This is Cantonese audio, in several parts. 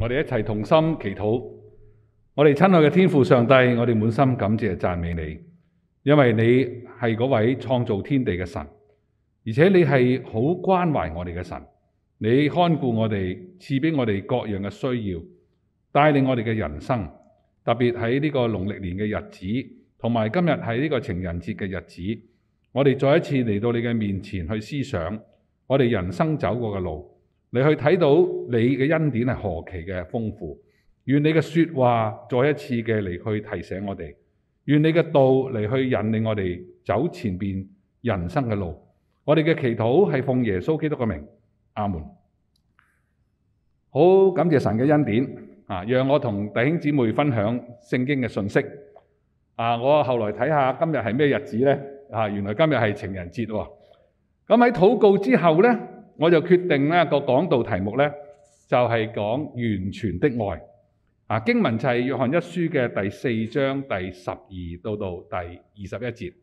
我哋一齊同心祈禱，我哋親愛嘅天父上帝，我哋滿心感謝讚美你，因為你係嗰位創造天地嘅神，而且你係好關懷我哋嘅神，你看顧我哋，賜俾我哋各樣嘅需要，帶領我哋嘅人生。特別喺呢個農曆年嘅日子，同埋今日係呢個情人節嘅日子，我哋再一次嚟到你嘅面前去思想我哋人生走過嘅路。你去睇到你嘅恩典係何其嘅豐富，願你嘅說話再一次嘅嚟去提醒我哋，願你嘅道嚟去引領我哋走前面人生嘅路。我哋嘅祈禱係奉耶穌基督嘅名，阿門。好，感謝神嘅恩典啊，讓我同弟兄姊妹分享聖經嘅信息啊。我後來睇下今日係咩日子呢？啊，原來今日係情人節喎。咁、啊、喺禱告之後呢，我就決定咗，呢個講道題目呢，就係，是，講完全的愛啊，經文就係，是，約翰一書嘅第四章第十二到到第二十一節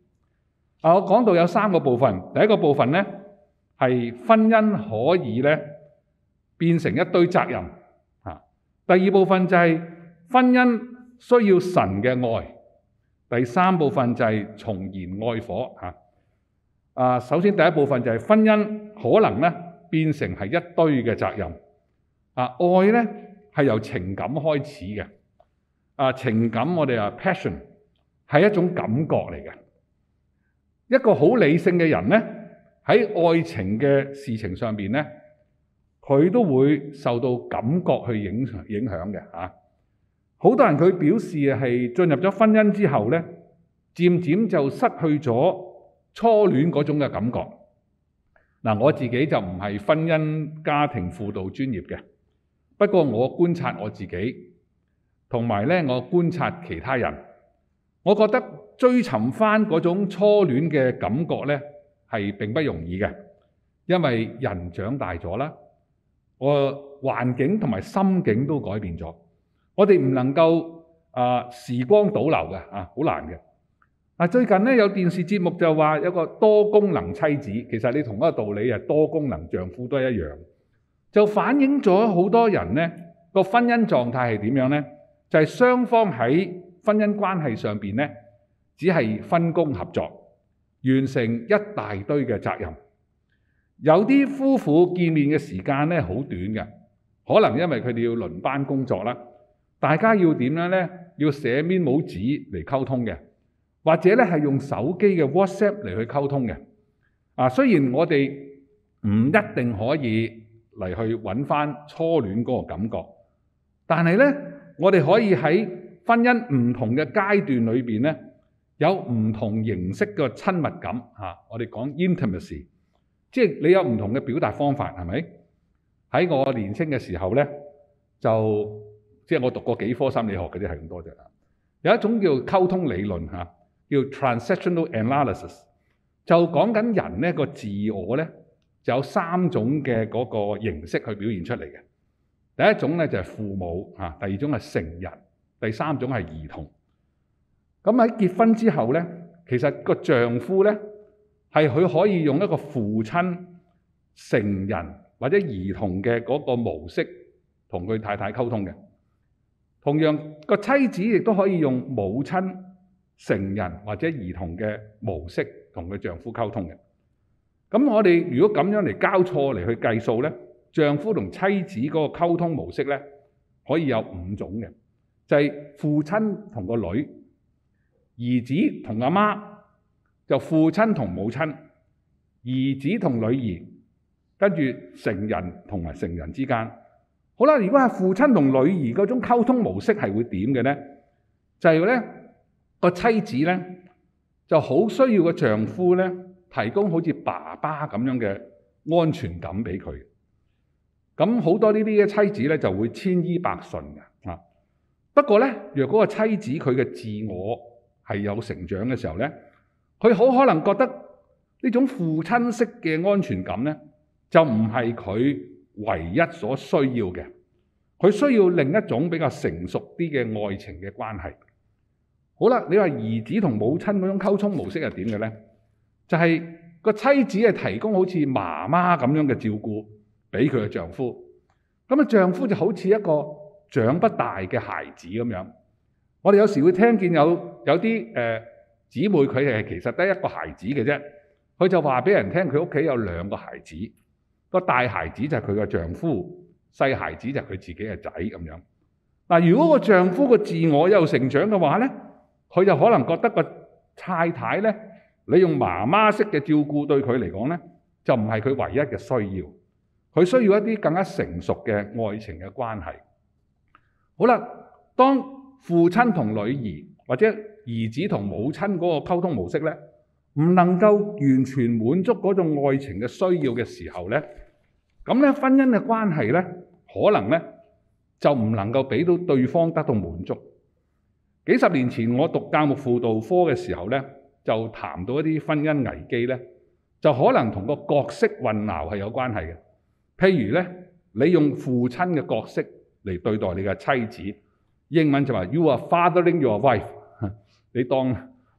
啊。我講到有三個部分，第一個部分呢，係婚姻可以呢變成一堆責任啊。第二部分就係婚姻需要神嘅愛、啊。第三部分就係重燃愛火啊。啊，首先第一部分就係婚姻可能呢。變成係一堆嘅責任。啊，愛呢係由情感開始嘅。啊，情感我哋話 passion 係一種感覺嚟嘅。一個好理性嘅人呢，喺愛情嘅事情上面呢，佢都會受到感覺去影影響嘅。嚇、啊，好多人佢表示係進入咗婚姻之後呢，漸漸就失去咗初戀嗰種嘅感覺。我自己就唔係婚姻家庭輔導專業嘅，不過我觀察我自己，同埋呢我觀察其他人，我覺得追尋返嗰種初戀嘅感覺呢，係並不容易嘅，因為人長大咗啦，我環境同埋心境都改變咗，我哋唔能夠啊時光倒流嘅啊，好難嘅。嗱，最近有電視節目就話有個多功能妻子，其實你同一個道理多功能丈夫都係一樣，就反映咗好多人呢個婚姻狀態係點樣呢？就係雙方喺婚姻關係上面呢，只係分工合作，完成一大堆嘅責任。有啲夫婦見面嘅時間呢，好短嘅，可能因為佢哋要輪班工作啦。大家要點樣呢？要寫 memo 紙嚟溝通嘅。或者咧係用手機嘅 WhatsApp 嚟去溝通嘅啊，雖然我哋唔一定可以嚟去搵返初戀嗰個感覺，但係呢，我哋可以喺婚姻唔同嘅階段裏面呢，有唔同形式嘅親密感嚇、啊。我哋講 intimacy，即係你有唔同嘅表達方法，係咪？喺我年青嘅時候呢，就即係、就是、我讀過幾科心理學嗰啲係咁多嘅，有一種叫溝通理論嚇。啊叫 transitional analysis，就講緊人呢個自我呢就有三種嘅嗰個形式去表現出嚟嘅。第一種呢就係父母啊，第二種係成人，第三種係兒童。咁喺結婚之後呢，其實個丈夫呢，係佢可以用一個父親、成人或者兒童嘅嗰個模式同佢太太溝通嘅。同樣個妻子亦都可以用母親。成人或者兒童嘅模式同佢丈夫溝通嘅，咁我哋如果咁樣嚟交錯嚟去計數呢，丈夫同妻子嗰個溝通模式呢，可以有五種嘅，就係父親同個女、兒子同阿媽，就父親同母親、兒子同女兒，跟住成人同埋成人之間。好啦，如果係父親同女兒嗰種溝通模式係會點嘅呢？就係呢。個妻子咧就好需要個丈夫咧提供好似爸爸咁樣嘅安全感俾佢。咁好多呢啲嘅妻子咧就會千依百順嘅啊。不過咧，若果個妻子佢嘅自我係有成長嘅時候咧，佢好可能覺得呢種父親式嘅安全感咧就唔係佢唯一所需要嘅。佢需要另一種比較成熟啲嘅愛情嘅關係。好啦，你話兒子同母親嗰種溝通模式係點嘅呢？就係、是、個妻子係提供好似媽媽咁樣嘅照顧俾佢嘅丈夫，咁啊丈夫就好似一個長不大嘅孩子咁樣。我哋有時會聽見有有啲誒姊妹，佢哋係其實得一個孩子嘅啫，佢就話俾人聽佢屋企有兩個孩子，個大孩子就係佢嘅丈夫，細孩子就係佢自己嘅仔咁樣。嗱，如果個丈夫個自我又成長嘅話呢。佢就可能覺得個太太呢，你用媽媽式嘅照顧對佢嚟講呢，就唔係佢唯一嘅需要。佢需要一啲更加成熟嘅愛情嘅關係。好啦，當父親同女兒或者兒子同母親嗰個溝通模式呢，唔能夠完全滿足嗰種愛情嘅需要嘅時候呢，咁呢婚姻嘅關係呢，可能呢，就唔能夠畀到對方得到滿足。幾十年前我讀教牧輔導科嘅時候呢，就談到一啲婚姻危機呢，就可能同個角色混淆係有關係嘅。譬如呢，你用父親嘅角色嚟對待你嘅妻子，英文就話 You are fathering your wife。你當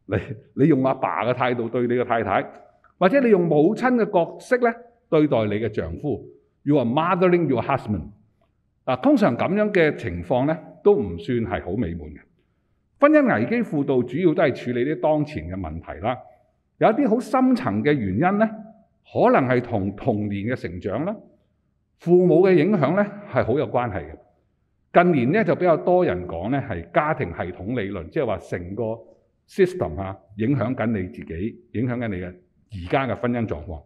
你你用阿爸嘅態度對你嘅太太，或者你用母親嘅角色呢，對待你嘅丈夫，You are mothering your husband。嗱，通常咁樣嘅情況呢，都唔算係好美滿嘅。婚姻危機輔導主要都係處理啲當前嘅問題啦，有一啲好深層嘅原因呢，可能係同童年嘅成長啦、父母嘅影響呢係好有關係嘅。近年呢就比較多人講呢係家庭系統理論，即係話成個 system 啊影響緊你自己，影響緊你嘅而家嘅婚姻狀況。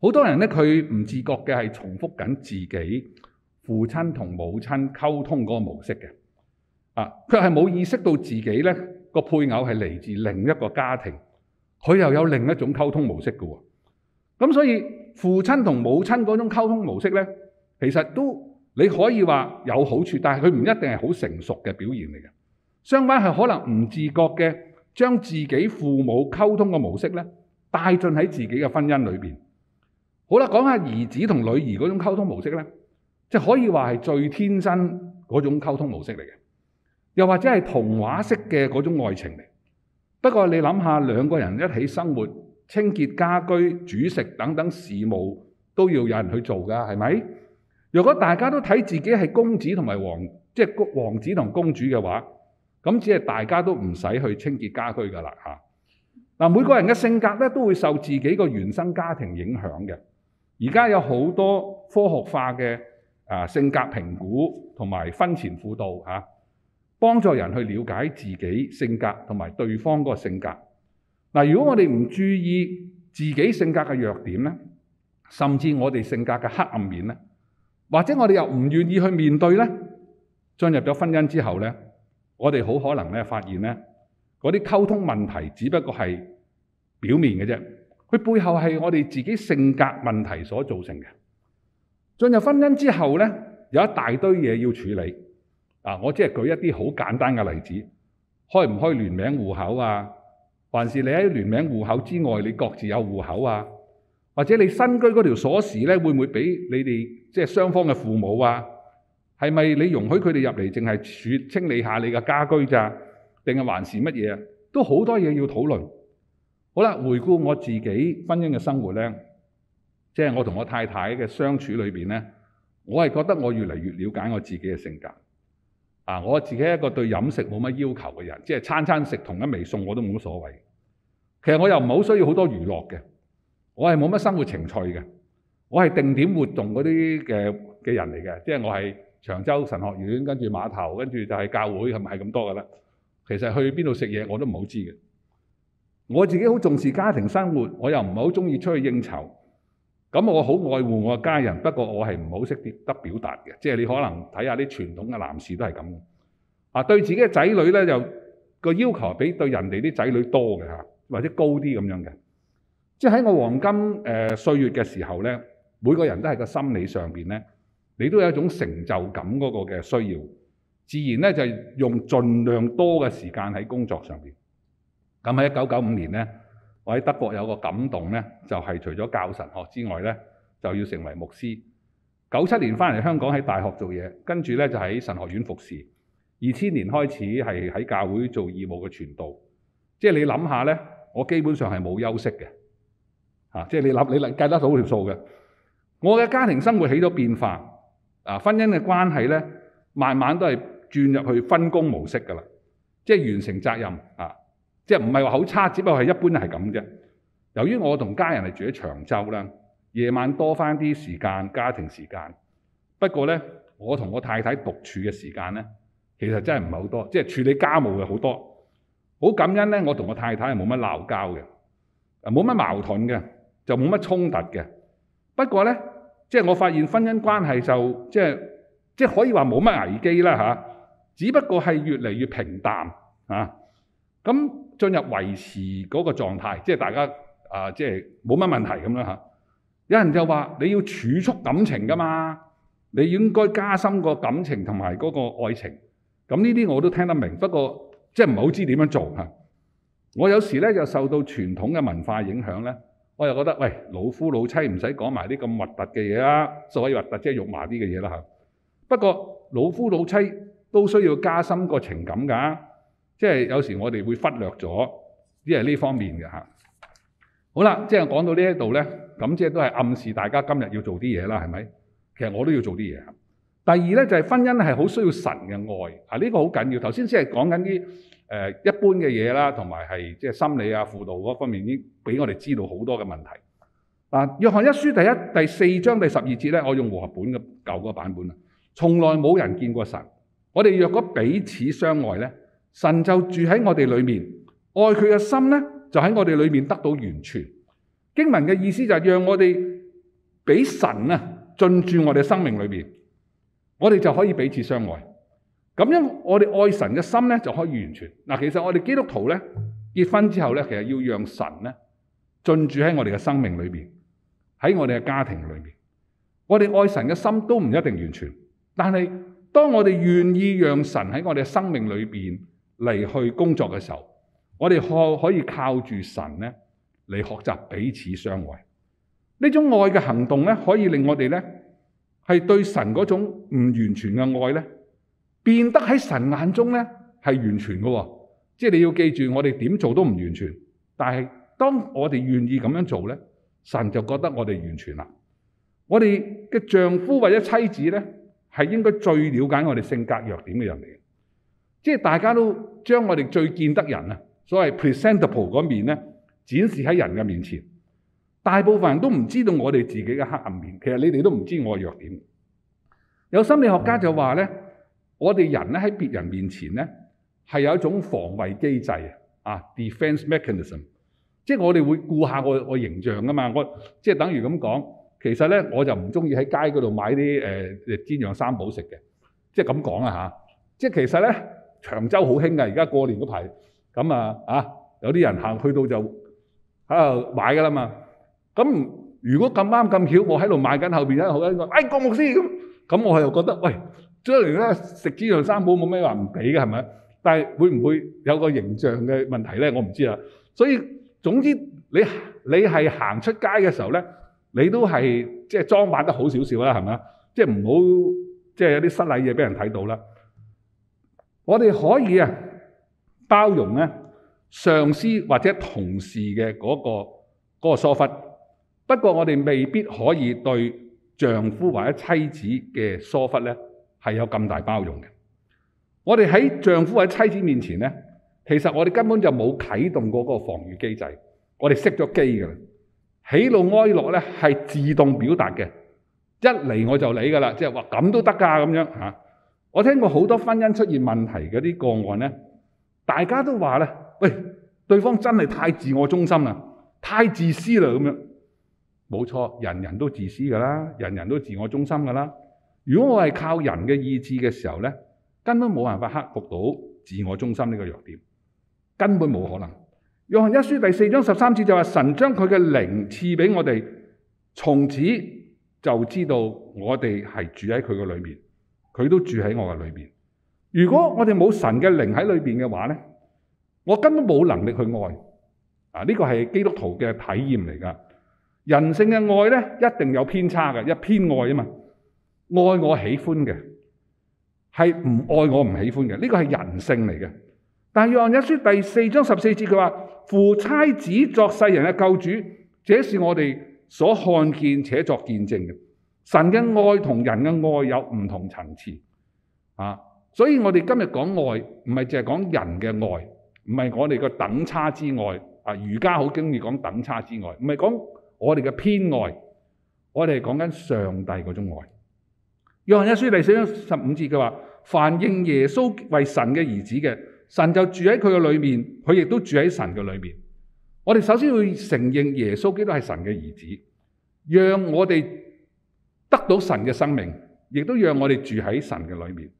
好多人呢佢唔自覺嘅係重複緊自己父親同母親溝通嗰個模式嘅。啊！佢係冇意識到自己呢個配偶係嚟自另一個家庭，佢又有另一種溝通模式嘅喎。咁所以父親同母親嗰種溝通模式呢，其實都你可以話有好處，但係佢唔一定係好成熟嘅表現嚟嘅。相反係可能唔自覺嘅將自己父母溝通嘅模式呢，帶進喺自己嘅婚姻裏邊。好啦，講下兒子同女兒嗰種溝通模式呢，即係可以話係最天真嗰種溝通模式嚟嘅。又或者係童話式嘅嗰種愛情嚟，不過你諗下，兩個人一起生活，清潔家居、煮食等等事務都要有人去做㗎，係咪？如果大家都睇自己係公子同埋王，即係王子同公主嘅話，咁只係大家都唔使去清潔家居㗎啦嚇。嗱、啊，每個人嘅性格呢都會受自己個原生家庭影響嘅。而家有好多科學化嘅啊性格評估同埋婚前輔導嚇。啊幫助人去了解自己性格同埋對方個性格。嗱，如果我哋唔注意自己性格嘅弱點咧，甚至我哋性格嘅黑暗面咧，或者我哋又唔願意去面對咧，進入咗婚姻之後咧，我哋好可能咧發現咧，嗰啲溝通問題只不過係表面嘅啫，佢背後係我哋自己性格問題所造成嘅。進入婚姻之後咧，有一大堆嘢要處理。啊！我只係舉一啲好簡單嘅例子，開唔開聯名戶口啊？還是你喺聯名戶口之外，你各自有戶口啊？或者你新居嗰條鎖匙呢，會唔會俾你哋即係雙方嘅父母啊？係咪你容許佢哋入嚟，淨係處清理下你嘅家居咋？定係還是乜嘢？都好多嘢要討論。好啦，回顧我自己婚姻嘅生活呢。即係我同我太太嘅相處裏邊呢，我係覺得我越嚟越了解我自己嘅性格。啊！我自己一個對飲食冇乜要求嘅人，即係餐餐食同一味餸我都冇乜所謂。其實我又唔好需要好多娛樂嘅，我係冇乜生活情趣嘅，我係定點活動嗰啲嘅嘅人嚟嘅，即係我係長洲神學院，跟住碼頭，跟住就係教會，係咪係咁多㗎喇。其實去邊度食嘢我都唔好知嘅。我自己好重視家庭生活，我又唔係好中意出去應酬。咁我好愛護我嘅家人，不過我係唔好識得表達嘅，即係你可能睇下啲傳統嘅男士都係咁，啊對自己嘅仔女咧，就個要求比對人哋啲仔女多嘅嚇，或者高啲咁樣嘅，即係喺我黃金誒、呃、歲月嘅時候咧，每個人都係個心理上邊咧，你都有一種成就感嗰個嘅需要，自然咧就用盡量多嘅時間喺工作上邊。咁喺一九九五年咧。我喺德國有個感動呢就係除咗教神學之外呢就要成為牧師。九七年返嚟香港喺大學做嘢，跟住呢就喺神學院服侍。二千年開始係喺教會做義務嘅傳道，即係你諗下呢，我基本上係冇休息嘅嚇，即係你諗你能計得到條數嘅。我嘅家庭生活起咗變化，啊婚姻嘅關係呢，慢慢都係轉入去分工模式㗎啦，即係完成責任啊。即係唔係話好差，只不過係一般人係咁啫。由於我同家人係住喺長洲啦，夜晚多翻啲時間家庭時間。不過咧，我同我太太獨處嘅時間咧，其實真係唔係好多。即係處理家務嘅好多。好感恩咧，我同我太太係冇乜鬧交嘅，冇乜矛盾嘅，就冇乜衝突嘅。不過咧，即係我發現婚姻關係就即係即係可以話冇乜危機啦吓，只不過係越嚟越平淡啊咁。進入維持嗰個狀態，即係大家啊、呃，即係冇乜問題咁啦。有人就話你要儲蓄感情噶嘛，你應該加深個感情同埋嗰個愛情。咁呢啲我都聽得明，不過即係唔係好知點樣做。我有時咧又受到傳統嘅文化影響咧，我又覺得喂，老夫老妻唔使講埋啲咁核突嘅嘢啦，所以核突即係肉麻啲嘅嘢啦。不過老夫老妻都需要加深個情感㗎。即係有時我哋會忽略咗，啲係呢方面嘅嚇。好啦，即係講到呢一度咧，咁即係都係暗示大家今日要做啲嘢啦，係咪？其實我都要做啲嘢。第二咧就係婚姻係好需要神嘅愛，啊，呢個好緊要。頭先先係講緊啲誒一般嘅嘢啦，同埋係即係心理啊輔導嗰方面，已經俾我哋知道好多嘅問題。啊，約翰一書第一第四章第十二節咧，我用和合本嘅舊嗰個版本啊，從來冇人見過神。我哋若果彼此相愛咧。神就住喺我哋裏面，愛佢嘅心咧就喺我哋裏面得到完全。經文嘅意思就係讓我哋俾神啊進駐我哋嘅生命裏面，我哋就可以彼此相愛。咁樣我哋愛神嘅心咧就可以完全。其實我哋基督徒咧結婚之後咧，其實要讓神咧進駐喺我哋嘅生命裏面，喺我哋嘅家庭裏面。我哋愛神嘅心都唔一定完全，但係當我哋願意讓神喺我哋嘅生命裏面。嚟去工作嘅時候，我哋可可以靠住神咧嚟學習彼此相愛。呢種愛嘅行動咧，可以令我哋咧係對神嗰種唔完全嘅愛咧，變得喺神眼中咧係完全嘅，哦。即係你要記住，我哋點做都唔完全，但係當我哋願意咁樣做咧，神就覺得我哋完全啦。我哋嘅丈夫或者妻子咧，係應該最了解我哋性格弱點嘅人嚟。即係大家都將我哋最見得人啊，所謂 presentable 嗰面咧展示喺人嘅面前。大部分人都唔知道我哋自己嘅黑暗面，其實你哋都唔知我嘅弱點。有心理學家就話咧，嗯、我哋人咧喺別人面前咧係有一種防衛機制啊，defense mechanism，即係我哋會顧下我我形象噶嘛，我即係等於咁講，其實咧我就唔中意喺街嗰度買啲誒煎釀三寶食嘅，即係咁講啊。嚇。即係其實咧。長洲好興噶，而家過年嗰排咁啊有啲人行去到就喺度買噶啦嘛。咁如果咁啱咁巧，我喺度買緊，後邊有好嘅，哎郭牧師咁，咁我又覺得喂，將嚟咧食豬肉三寶冇咩話唔俾嘅係咪？但係會唔會有個形象嘅問題呢？我唔知啦。所以總之你你係行出街嘅時候咧，你都係即係裝扮得好少少啦，係咪啊？即係唔好即係有啲失禮嘢俾人睇到啦。我哋可以啊包容咧上司或者同事嘅嗰個嗰個疏忽，不過我哋未必可以對丈夫或者妻子嘅疏忽呢，係有咁大包容嘅。我哋喺丈夫或者妻子面前呢，其實我哋根本就冇啟動過嗰個防禦機制，我哋熄咗機噶啦，喜怒哀樂呢，係自動表達嘅，一嚟我就理噶啦，即係話咁都得噶咁樣嚇、啊。我聽過好多婚姻出現問題嗰啲個案呢，大家都話呢：「喂，對方真係太自我中心啦，太自私啦咁樣。冇錯，人人都自私㗎啦，人人都自我中心㗎啦。如果我係靠人嘅意志嘅時候呢，根本冇辦法克服到自我中心呢個弱點，根本冇可能。約翰一書第四章十三節就話：神將佢嘅靈賜俾我哋，從此就知道我哋係住喺佢嘅裏面。佢都住喺我嘅裏面。如果我哋冇神嘅靈喺裏面嘅話呢，我根本冇能力去愛。啊，呢、這個係基督徒嘅體驗嚟㗎。人性嘅愛咧，一定有偏差嘅，一偏愛啊嘛。愛我喜歡嘅，係唔愛我唔喜歡嘅。呢、這個係人性嚟嘅。但係約翰一書第四章十四節佢話：父差子作世人嘅救主，這是我哋所看見且作見證嘅。神嘅愛同人嘅愛有唔同層次啊，所以我哋今日講愛，唔係淨係講人嘅愛，唔係我哋嘅等差之愛啊。儒家好中意講等差之愛，唔係講我哋嘅偏愛，我哋係講緊上帝嗰種愛。約翰一書第四章十五節佢話：凡認耶穌為神嘅兒子嘅，神就住喺佢嘅裏面，佢亦都住喺神嘅裏面。我哋首先要承認耶穌基督係神嘅兒子，讓我哋。得到神嘅生命，亦都讓我哋住喺神嘅裏面。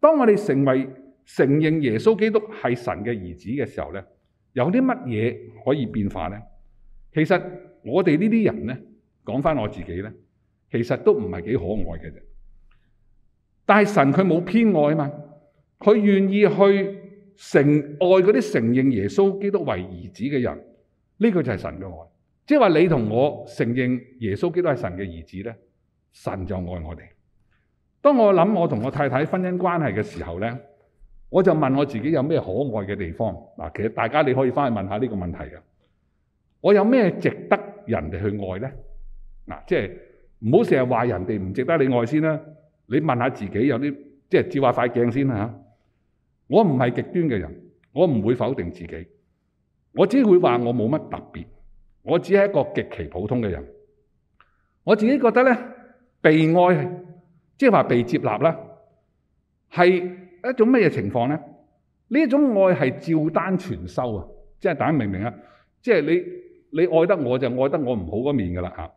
當我哋成為承認耶穌基督係神嘅兒子嘅時候呢，有啲乜嘢可以變化呢？其實我哋呢啲人呢，講翻我自己呢，其實都唔係幾可愛嘅。但係神佢冇偏愛嘛，佢願意去承愛嗰啲承認耶穌基督為兒子嘅人，呢個就係神嘅愛。即係話你同我承認耶穌基督係神嘅兒子呢。神就愛我哋。當我諗我同我太太婚姻關係嘅時候咧，我就問我自己有咩可愛嘅地方嗱。其實大家你可以翻去問下呢個問題嘅。我有咩值得人哋去愛咧？嗱，即係唔好成日話人哋唔值得你愛先啦。你問下自己有啲，即係照下塊鏡先啦嚇。我唔係極端嘅人，我唔會否定自己。我只會話我冇乜特別，我只係一個極其普通嘅人，我自己覺得咧。被愛，即係話被接納啦，係一種咩嘢情況咧？呢一種愛係照單全收啊！即係大家明唔明啊？即係你你愛得我就愛得我唔好嗰面噶啦嚇！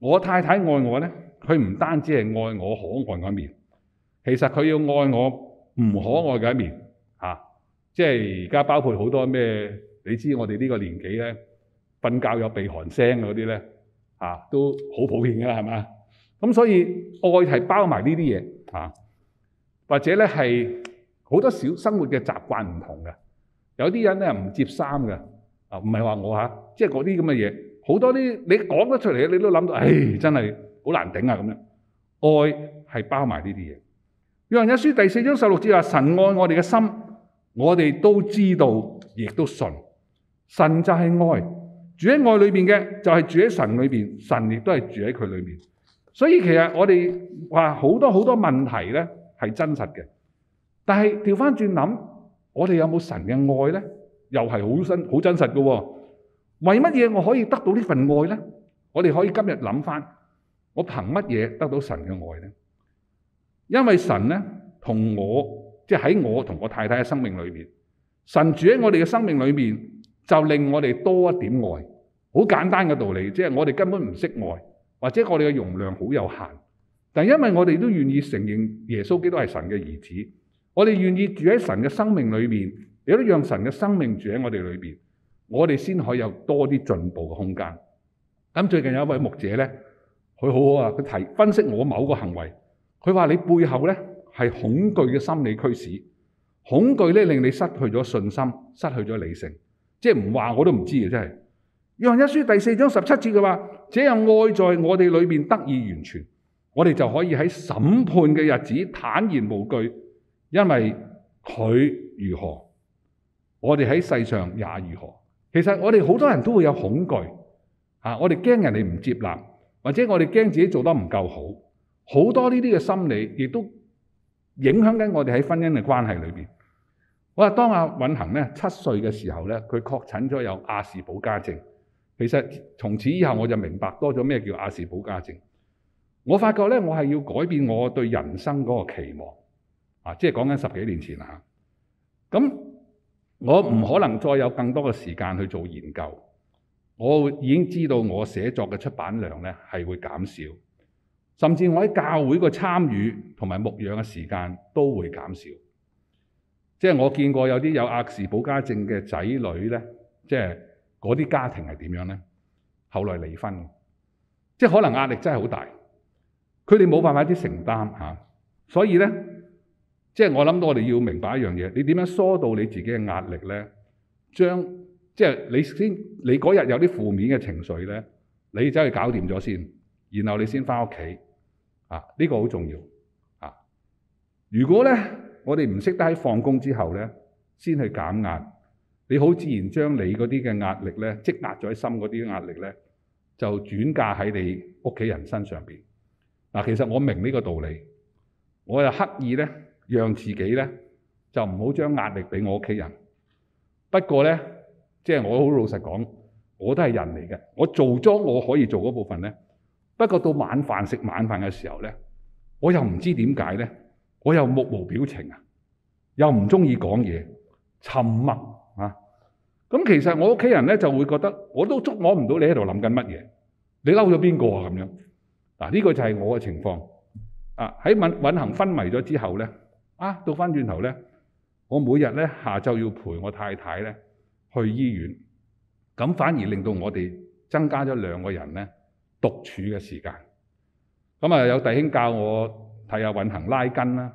我太太愛我呢，佢唔單止係愛我可愛嗰一面，其實佢要愛我唔可愛嘅一面嚇、啊。即係而家包括好多咩？你知我哋呢個年紀呢，瞓覺有鼻鼾聲嗰啲呢，嚇、啊，都好普遍噶啦，係嘛？咁所以愛係包埋呢啲嘢啊，或者咧係好多小生活嘅習慣唔同嘅，有啲人咧唔折衫嘅啊，唔係話我吓，即係嗰啲咁嘅嘢，好、就是、多啲你講得出嚟，你都諗到，唉、哎，真係好難頂啊咁樣。愛係包埋呢啲嘢。約翰一書第四章十六節話：神愛我哋嘅心，我哋都知道，亦都信。神就係愛，住喺愛裏面嘅就係、是、住喺神裏面，神亦都係住喺佢裏邊。所以其實我哋話好多好多問題咧係真實嘅，但係調翻轉諗，我哋有冇神嘅愛呢？又係好真好真實嘅喎。為乜嘢我可以得到呢份愛呢？我哋可以今日諗翻，我憑乜嘢得到神嘅愛呢？因為神呢，同我，即係喺我同我太太嘅生命裏面，神住喺我哋嘅生命裏面，就令我哋多一點愛。好簡單嘅道理，即係我哋根本唔識愛。或者我哋嘅容量好有限，但因為我哋都願意承認耶穌基督係神嘅兒子，我哋願意住喺神嘅生命裏邊，亦都讓神嘅生命住喺我哋裏邊，我哋先可以有多啲進步嘅空間。咁最近有一位牧者呢，佢好好啊，佢提分析我某個行為，佢話，你背後呢係恐懼嘅心理驅使，恐懼呢令你失去咗信心，失去咗理性，即係唔話我都唔知啊，真係。約翰一書第四章十七節嘅話，這樣愛在我哋裏面得以完全，我哋就可以喺審判嘅日子坦然無懼，因為佢如何，我哋喺世上也如何。其實我哋好多人都會有恐懼吓，我哋驚人哋唔接納，或者我哋驚自己做得唔夠好，好多呢啲嘅心理亦都影響緊我哋喺婚姻嘅關係裏面。我話當阿允恒七歲嘅時候咧，佢確診咗有亞氏保加症。其實從此以後我就明白多咗咩叫亞氏保加症。我發覺呢，我係要改變我對人生嗰個期望。啊，即係講緊十幾年前啊。咁我唔可能再有更多嘅時間去做研究。我已經知道我寫作嘅出版量呢係會減少，甚至我喺教會嘅參與同埋牧養嘅時間都會減少。即係我見過有啲有亞氏保加症嘅仔女呢，即係。嗰啲家庭係點樣咧？後來離婚，即係可能壓力真係好大，佢哋冇辦法啲承擔嚇、啊，所以咧，即係我諗到我哋要明白一樣嘢，你點樣疏導你自己嘅壓力咧？將即係你先，你嗰日有啲負面嘅情緒咧，你走去搞掂咗先，然後你先翻屋企啊！呢個好重要啊！如果咧，我哋唔識得喺放工之後咧，先去減壓。你好自然將你嗰啲嘅壓力呢，積壓咗喺心嗰啲壓力呢，就轉嫁喺你屋企人身上邊。其實我明呢個道理，我又刻意咧，讓自己呢就唔好將壓力俾我屋企人。不過呢，即係我好老實講，我都係人嚟嘅，我做咗我可以做嗰部分呢。不過到晚飯食晚飯嘅時候呢，我又唔知點解咧，我又目無表情啊，又唔鍾意講嘢，沉默。嚇！咁其實我屋企人咧就會覺得，我都捉摸唔到你喺度諗緊乜嘢，你嬲咗邊個啊？咁樣嗱，呢個就係我嘅情況。啊，喺運運行昏迷咗之後咧，啊，到翻轉頭咧，我每日咧下晝要陪我太太咧去醫院，咁反而令到我哋增加咗兩個人咧獨處嘅時間。咁啊，有弟兄教我睇下運行拉筋啦，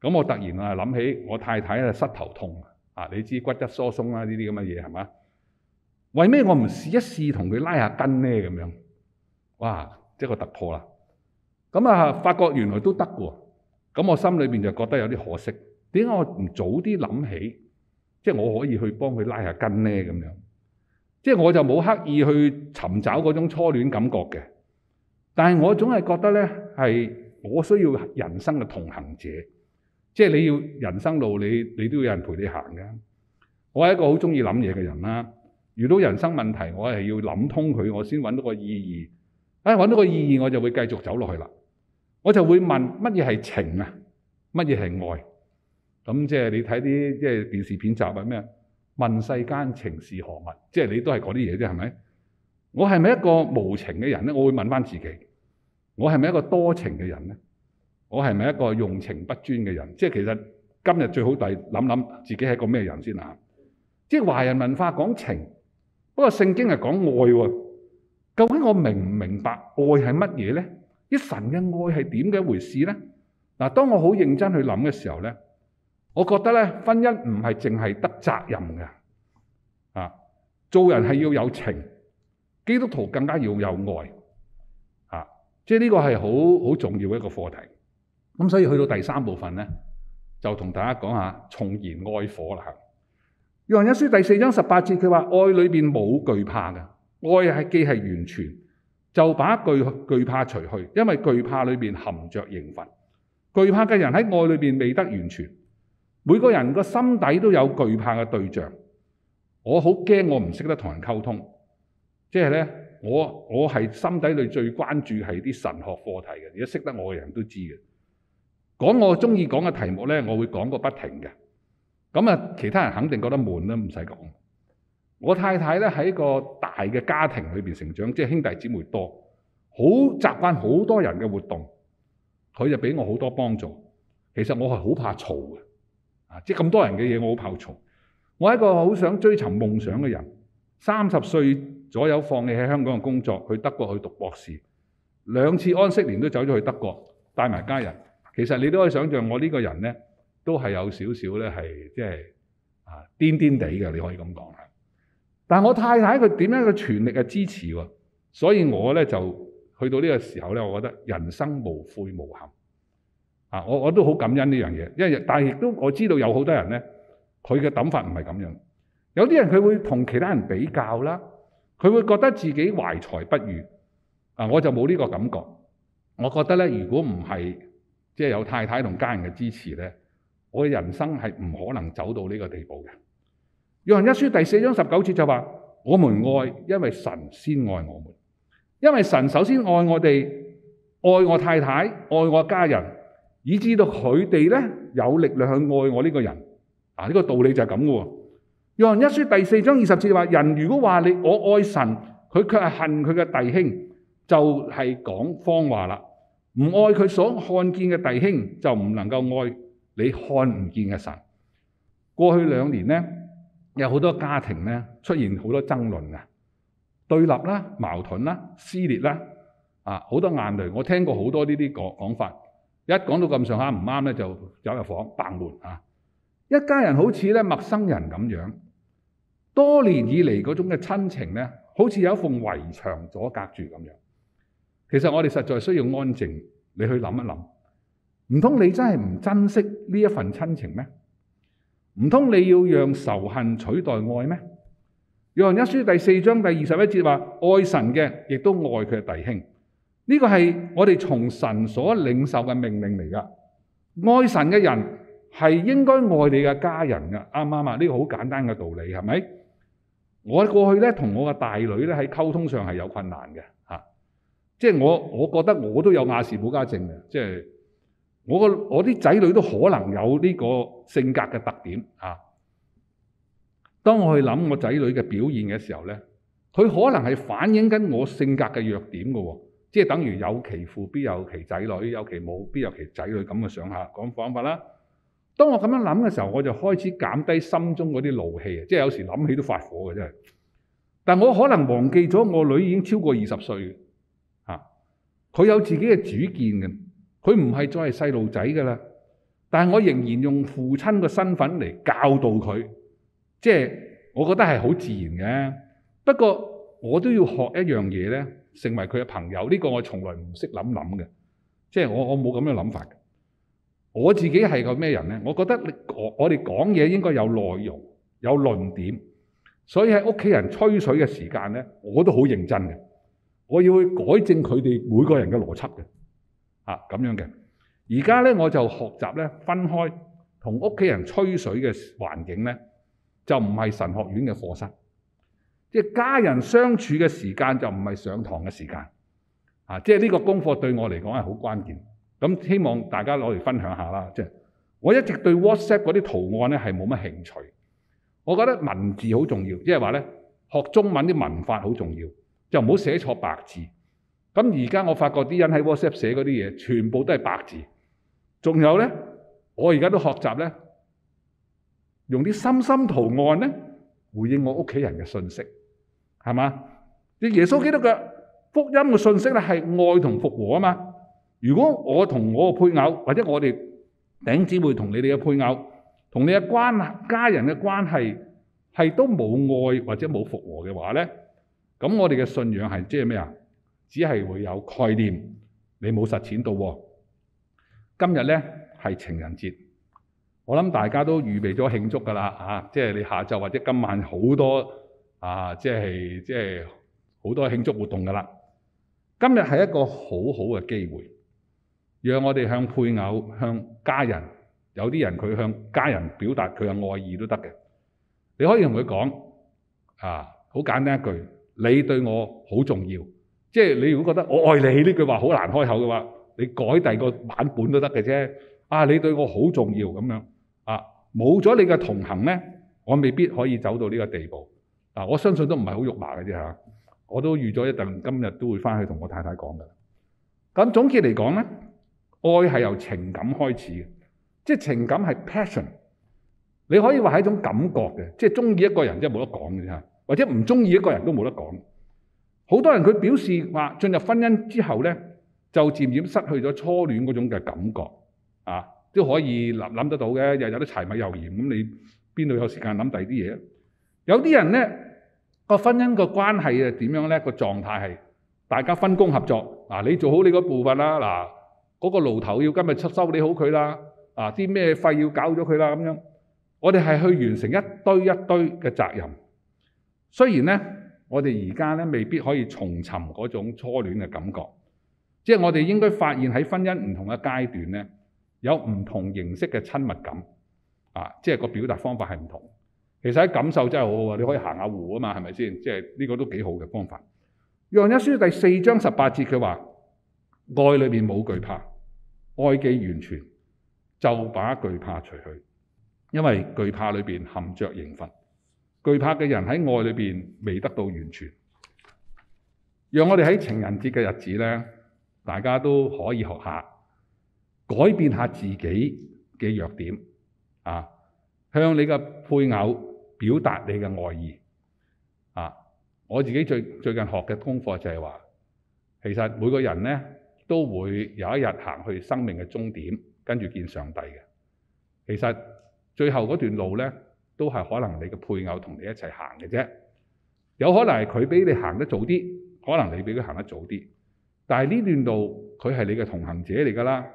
咁我突然啊諗起我太太啊膝頭痛。啊！你知骨質疏鬆啦，呢啲咁嘅嘢係嘛？為咩我唔試一試同佢拉下筋呢？咁樣，哇！即係個突破啦。咁啊，發覺原來都得喎。咁我心裏邊就覺得有啲可惜。點解我唔早啲諗起？即係我可以去幫佢拉下筋呢？咁樣，即係我就冇刻意去尋找嗰種初戀感覺嘅。但係我總係覺得呢，係我需要人生嘅同行者。即係你要人生路，你你都要有人陪你行嘅。我係一個好中意諗嘢嘅人啦。遇到人生問題，我係要諗通佢，我先揾到個意義。唉、哎，揾到個意義，我就會繼續走落去啦。我就會問乜嘢係情啊？乜嘢係愛？咁即係你睇啲即係電視片集啊咩？問世間情是何物？即係你都係嗰啲嘢啫，係咪？我係咪一個無情嘅人咧？我會問翻自己。我係咪一個多情嘅人咧？我係咪一個用情不專嘅人？即係其實今日最好就係諗諗自己係個咩人先啦。即係華人文化講情，不過聖經係講愛喎。究竟我明唔明白愛係乜嘢咧？啲神嘅愛係點嘅一回事咧？嗱，當我好認真去諗嘅時候咧，我覺得咧，婚姻唔係淨係得責任嘅。啊，做人係要有情，基督徒更加要有愛。啊，即係呢個係好好重要一個課題。咁所以去到第三部分呢，就同大家講下重燃愛火啦。約翰一書第四章十八節，佢話，愛裏邊冇懼怕嘅，愛係既係完全，就把懼、懼怕除去，因為懼怕裏面含着刑罰。懼怕嘅人喺愛裏面未得完全。每個人個心底都有懼怕嘅對象，我好驚我唔識得同人溝通，即係咧，我我係心底裏最關注係啲神學課題嘅，而家識得我嘅人都知嘅。講我中意講嘅題目呢，我會講個不停嘅。咁啊，其他人肯定覺得悶啦，唔使講。我太太咧喺個大嘅家庭裏邊成長，即係兄弟姐妹多，好習慣好多人嘅活動。佢就俾我好多幫助。其實我係好怕嘈嘅，啊，即係咁多人嘅嘢我好怕嘈。我係一個好想追尋夢想嘅人。三十歲左右放棄喺香港嘅工作，去德國去讀博士，兩次安息年都走咗去了德國，帶埋家人。其實你都可以想像，我呢個人呢都係有少少咧係即係啊癲癲地嘅，你可以咁講啦。但我太太佢點樣嘅全力嘅支持喎，啊，所以我呢就去到呢個時候呢，我覺得人生無悔無憾啊！我我都好感恩呢樣嘢，因為但係亦都我知道有好多人呢，佢嘅諗法唔係咁樣的。有啲人佢會同其他人比較啦，佢會覺得自己懷才不遇啊！我就冇呢個感覺，我覺得呢，如果唔係即係有太太同家人嘅支持咧，我嘅人生係唔可能走到呢個地步嘅。約翰一書第四章十九節就話：「我們愛，因為神先愛我們。」因為神首先愛我哋，愛我太太，愛我家人，以至到佢哋咧有力量去愛我呢個人。嗱，呢個道理就係咁嘅喎。約翰一書第四章二十節就話：「人如果話你我愛神，佢卻係恨佢嘅弟兄，就係講謊話啦。」唔愛佢所看見嘅弟兄，就唔能夠愛你看唔見嘅神。過去兩年呢，有好多家庭咧出現好多爭論啊、對立啦、啊、矛盾啦、啊、撕裂啦啊，好、啊、多眼淚。我聽過好多呢啲講法，一講到咁上下唔啱咧，就走入房，掟門啊！一家人好似陌生人咁樣，多年以嚟嗰種嘅親情咧，好似有一幅圍牆阻隔住咁樣。其實我哋實在需要安靜，你去諗一諗，唔通你真係唔珍惜呢份親情咩？唔通你要讓仇恨取代愛咩？約翰一書第四章第二十一節話：愛神嘅，亦都愛佢嘅弟兄。呢個係我哋從神所領受嘅命令嚟㗎。愛神嘅人係應該愛你嘅家人㗎，啱唔啱啊？呢個好簡單嘅道理，係咪？我過去咧，同我嘅大女咧喺溝通上係有困難嘅，吓。即係我，我覺得我都有亞氏保加症嘅，即係我個我啲仔女都可能有呢個性格嘅特點啊。當我去諗我仔女嘅表現嘅時候咧，佢可能係反映緊我性格嘅弱點嘅喎、啊，即係等如有其父必有其仔女，有其母必有其仔女咁嘅上下講方法啦。當我咁樣諗嘅時候，我就開始減低心中嗰啲怒氣嘅，即係有時諗起都發火嘅真係。但我可能忘記咗，我女已經超過二十歲。佢有自己嘅主見嘅，佢唔係再係細路仔㗎喇。但我仍然用父親嘅身份嚟教導佢，即係我覺得係好自然嘅。不過我都要學一樣嘢呢，成為佢嘅朋友呢個我從來唔識諗諗嘅，即係我我冇咁嘅諗法。我自己係個咩人呢？我覺得我我哋講嘢應該有內容、有論點，所以喺屋企人吹水嘅時間呢，我都好認真嘅。我要去改正佢哋每個人嘅邏輯嘅，啊咁樣嘅。而家呢，我就學習咧，分開同屋企人吹水嘅環境呢就唔係神學院嘅課室，即係家人相處嘅時間就唔係上堂嘅時間，啊！即係呢個功課對我嚟講係好關鍵。咁、啊、希望大家攞嚟分享下啦。即係我一直對 WhatsApp 嗰啲圖案呢係冇乜興趣，我覺得文字好重要，即係話呢，學中文啲文法好重要。就唔好寫錯白字。咁而家我發覺啲人喺 WhatsApp 寫嗰啲嘢，全部都係白字。仲有呢，我而家都學習呢，用啲心心圖案呢，回應我屋企人嘅信息，係嘛？你耶穌基督嘅福音嘅信息咧係愛同復和啊嘛。如果我同我嘅配偶，或者我哋頂姊妹同你哋嘅配偶，同你嘅家人嘅關係係都冇愛或者冇復和嘅話呢。咁我哋嘅信仰係即係咩啊？只係會有概念，你冇實踐到，啊。今日咧係情人節，我諗大家都預備咗慶祝㗎啦，啊，即係你下晝或者今晚好多啊，即係即係好多慶祝活動㗎啦。今日係一個好好嘅機會，讓我哋向配偶、向家人，有啲人佢向家人表達佢嘅愛意都得嘅。你可以同佢講啊，好簡單一句。你對我好重要，即係你如果覺得我愛你呢句話好難開口嘅話，你改第二個版本都得嘅啫。啊，你對我好重要咁樣啊，冇咗你嘅同行咧，我未必可以走到呢個地步。嗱、啊，我相信都唔係好肉麻嘅啫嚇，我都預咗一陣，今日都會翻去同我太太講㗎。咁總結嚟講咧，愛係由情感開始嘅，即係情感係 passion，你可以話係一種感覺嘅，即係中意一個人即係冇得講嘅啫。或者唔鍾意一個人都冇得講。好多人佢表示話進入婚姻之後呢，就漸漸失去咗初戀嗰種嘅感覺啊，都可以諗諗得到嘅。又有啲柴米油鹽咁，你邊度有時間諗第二啲嘢？有啲人呢個婚姻個關係係點樣呢？個狀態係大家分工合作，你做好你個部分啦嗱，嗰、嗰個爐頭要今日收修理好佢啦啊，啲咩費要搞咗佢啦咁樣。我哋係去完成一堆一堆嘅責任。雖然呢，我哋而家未必可以重尋嗰種初戀嘅感覺，即係我哋應該發現喺婚姻唔同嘅階段呢，有唔同形式嘅親密感，啊，即係個表達方法係唔同。其實喺感受真係好好，你可以行下湖啊嘛，係咪先？即係呢個都幾好嘅方法。《約翰一書》第四章十八節佢話：愛裏邊冇懼怕，愛既完全，就把懼怕除去，因為懼怕裏面含着刑罰。懼怕嘅人喺愛裏邊未得到完全，讓我哋喺情人節嘅日子咧，大家都可以學下改變下自己嘅弱點啊！向你嘅配偶表達你嘅愛意啊！我自己最最近學嘅功課就係話，其實每個人咧都會有一日行去生命嘅終點，跟住見上帝嘅。其實最後嗰段路咧。都係可能你嘅配偶同你一齊行嘅啫，有可能係佢俾你行得早啲，可能你俾佢行得早啲。但係呢段路佢係你嘅同行者嚟㗎啦。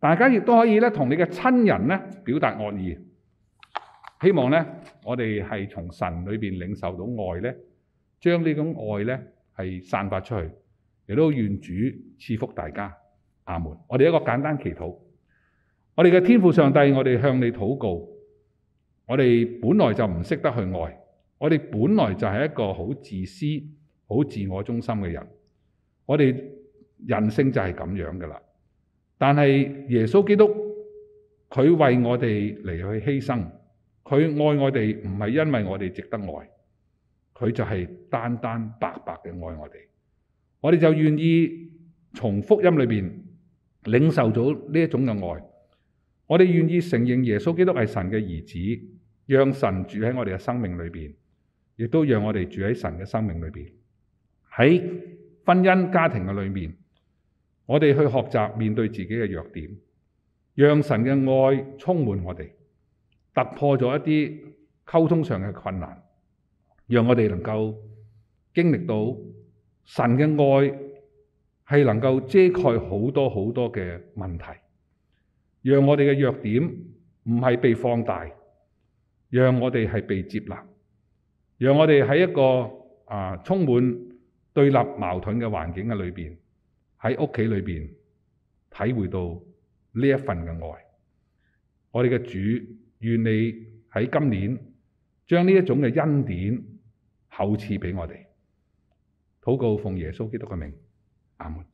大家亦都可以同你嘅親人咧表達愛意，希望咧我哋係從神裏面領受到愛咧，將呢種愛咧係散發出去。亦都願主賜福大家，阿門。我哋一個簡單祈禱，我哋嘅天父上帝，我哋向你禱告。我哋本來就唔識得去愛，我哋本來就係一個好自私、好自我中心嘅人，我哋人性就係咁樣噶啦。但係耶穌基督，佢為我哋嚟，去犧牲，佢愛我哋唔係因為我哋值得愛，佢就係單單白白嘅愛我哋。我哋就願意從福音裏邊領受咗呢一種嘅愛，我哋願意承認耶穌基督係神嘅兒子。讓神住喺我哋嘅生命裏邊，亦都讓我哋住喺神嘅生命裏邊。喺婚姻家庭嘅裏面，我哋去學習面對自己嘅弱點，讓神嘅愛充滿我哋，突破咗一啲溝通上嘅困難，讓我哋能夠經歷到神嘅愛係能夠遮蓋好多好多嘅問題，讓我哋嘅弱點唔係被放大。讓我哋係被接納，讓我哋喺一個，啊，充滿對立矛盾嘅環境嘅裏邊，喺屋企裏邊體會到呢一份嘅愛。我哋嘅主，願你喺今年將呢一種嘅恩典厚賜俾我哋。禱告，奉耶穌基督嘅名，阿門。